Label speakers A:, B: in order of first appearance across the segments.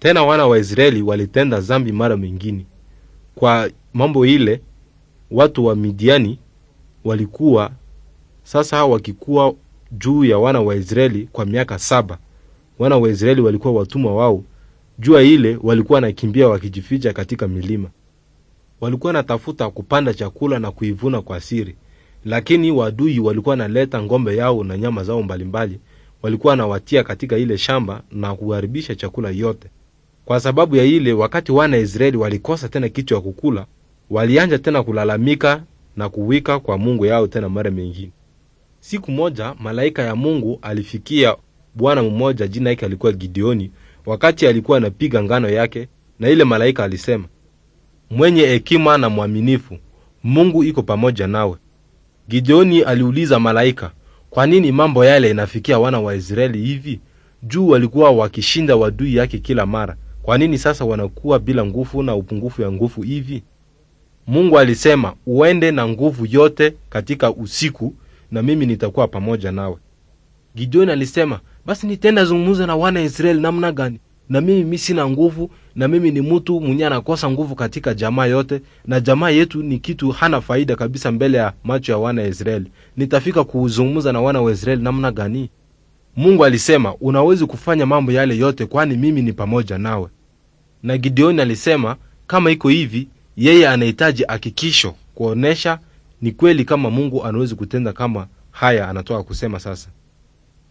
A: Tena wana wa Israeli walitenda zambi mara mengine. Kwa mambo ile watu wa Midiani walikuwa sasa wakikuwa juu ya wana wa Israeli kwa miaka saba. Wana wa Israeli walikuwa watumwa wao. Jua ile walikuwa nakimbia wakijificha katika milima, walikuwa natafuta kupanda chakula na kuivuna kwa siri, lakini wadui walikuwa naleta ngombe yao na nyama zao mbalimbali, walikuwa nawatia katika ile shamba na kuharibisha chakula yote. Kwa sababu ya ile, wakati wana Israeli walikosa tena kitu ya kukula, walianja tena kulalamika na kuwika kwa Mungu yao tena mara mengine. Siku moja malaika ya Mungu alifikia bwana mmoja, jina yake alikuwa Gideoni, wakati alikuwa anapiga ngano yake, na ile malaika alisema, mwenye hekima na mwaminifu, Mungu iko pamoja nawe. Gideoni aliuliza malaika, kwa nini mambo yale inafikia wana wa Israeli hivi? Juu walikuwa wakishinda wadui yake kila mara, kwa nini sasa wanakuwa bila nguvu na upungufu ya nguvu hivi? Mungu alisema uende na nguvu yote katika usiku, na mimi nitakuwa pamoja nawe. Gideoni alisema basi nitenda zungumuza na wana Israeli namna gani? Na mimi mi sina nguvu, na mimi ni mtu mwenye anakosa nguvu katika jamaa yote, na jamaa yetu ni kitu hana faida kabisa mbele ya macho ya wana Israeli. Nitafika kuzungumza na wana wa Israeli namna gani? Mungu alisema unawezi kufanya mambo yale yote, kwani mimi ni pamoja nawe na Gideoni alisema kama iko hivi, yeye anahitaji hakikisho kuonyesha ni kweli kama Mungu anawezi kutenda kama haya anatoka kusema sasa.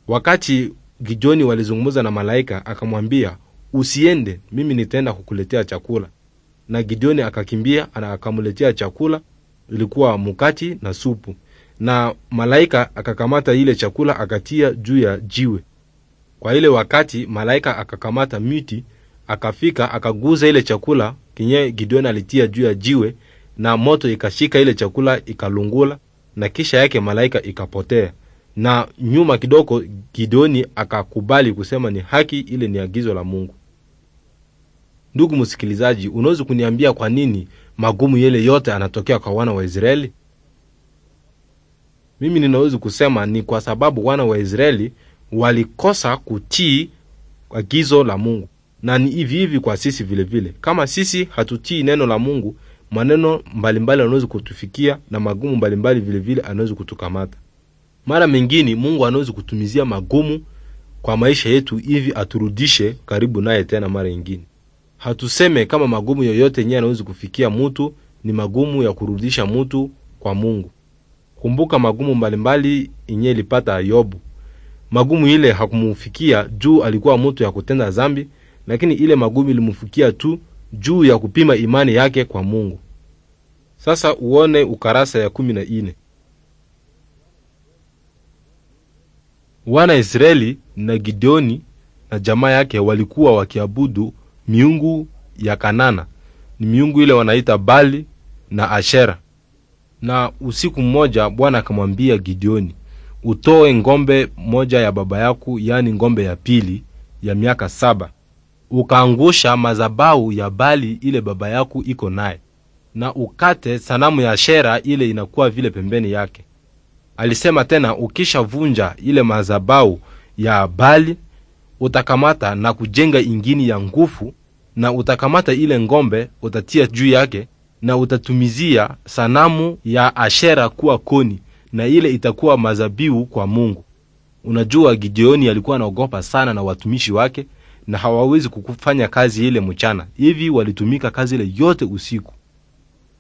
A: Wakati Gideoni walizungumza na malaika, akamwambia usiende, mimi nitaenda kukuletea chakula. Na Gideoni akakimbia na akamletea chakula, ilikuwa mukati na supu, na malaika akakamata ile chakula akatia juu ya jiwe. Kwa ile wakati malaika akakamata miti akafika akaguza ile chakula kinye Gideon alitia juu ya jiwe, na moto ikashika ile chakula ikalungula, na kisha yake malaika ikapotea. Na nyuma kidogo, Gideoni akakubali kusema ni haki, ile ni agizo la Mungu. Ndugu msikilizaji, unaweza kuniambia kwa nini magumu yale yote anatokea kwa wana wa Israeli? Mimi ninaweza kusema ni kwa sababu wana wa Israeli walikosa kutii agizo la Mungu na ni hivi hivi kwa sisi vile vile. Kama sisi hatutii neno la Mungu, maneno mbalimbali anaweza kutufikia na magumu mbalimbali vile vile anaweza kutukamata. Mara mengine Mungu anaweza kutumizia magumu kwa maisha yetu hivi aturudishe karibu naye tena mara nyingine. Hatuseme kama magumu yoyote yenyewe anaweza kufikia mtu ni magumu ya kurudisha mtu kwa Mungu. Kumbuka magumu mbalimbali yenyewe ilipata Ayobu. Magumu ile hakumufikia juu alikuwa mtu ya kutenda zambi lakini ile magumu ilimfikia tu juu ya kupima imani yake kwa Mungu. Sasa uone ukarasa ya kumi na ine. Wana Israeli na Gideoni na jamaa yake walikuwa wakiabudu miungu ya Kanana, ni miungu ile wanaita Bali na Ashera. Na usiku mmoja Bwana akamwambia Gideoni, utoe ngombe moja ya baba yako, yaani ngombe ya pili ya miaka saba ukaangusha mazabau ya Bali ile baba yako iko naye, na ukate sanamu ya Ashera ile inakuwa vile pembeni yake. Alisema tena, ukishavunja ile mazabau ya Bali utakamata na kujenga ingini ya nguvu, na utakamata ile ngombe utatia juu yake, na utatumizia sanamu ya Ashera kuwa koni, na ile itakuwa mazabiu kwa Mungu. Unajua, Gideoni alikuwa anaogopa sana na watumishi wake na hawawezi kufanya kazi ile mchana, hivi walitumika kazi ile yote usiku.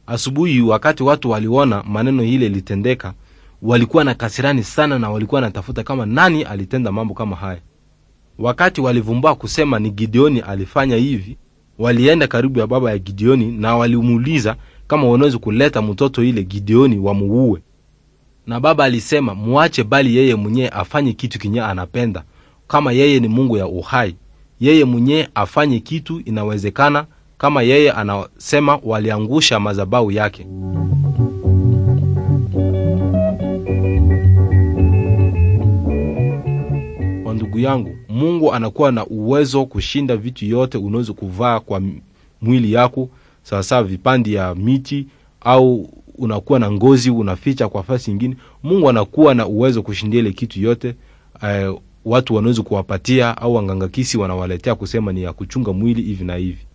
A: Asubuhi wakati watu waliona maneno ile litendeka, walikuwa na kasirani sana, na walikuwa natafuta kama nani alitenda mambo kama haya. Wakati walivumbua kusema ni Gideoni alifanya hivi, walienda karibu ya baba ya Gideoni na walimuuliza kama wanaweza kuleta mtoto ile Gideoni wamuue. Na baba alisema muache, bali yeye mwenyewe afanye kitu kinye anapenda, kama yeye ni Mungu ya uhai yeye mwenye afanye kitu inawezekana kama yeye anasema waliangusha madhabahu yake. Wa ndugu yangu, Mungu anakuwa na uwezo kushinda vitu yote unaweza kuvaa kwa mwili yako, sawasawa vipande ya miti au unakuwa na ngozi unaficha kwa fasi ingine. Mungu anakuwa na uwezo kushindia ile kitu yote uh, watu wanaweza kuwapatia au wangangakisi wanawaletea kusema ni ya kuchunga mwili hivi na hivi.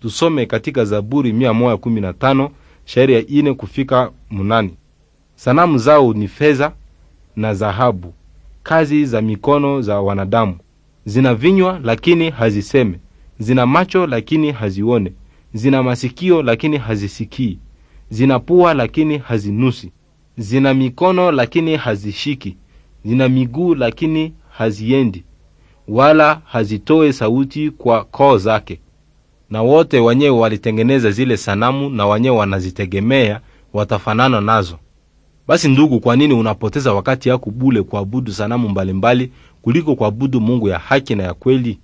A: Tusome katika Zaburi 115 shairi ya ine kufika munani. Sanamu zao ni fedha na dhahabu, kazi za mikono za wanadamu. Zina vinywa lakini haziseme, zina macho lakini hazione, zina masikio lakini hazisikii, zina pua lakini hazinusi, zina mikono lakini hazishiki, zina miguu lakini haziendi wala hazitoe sauti kwa koo zake, na wote wenyewe walitengeneza zile sanamu na wenyewe wanazitegemea watafanana nazo. Basi ndugu, kwa nini unapoteza wakati yako bule kuabudu sanamu mbalimbali kuliko kuabudu Mungu ya haki na ya kweli?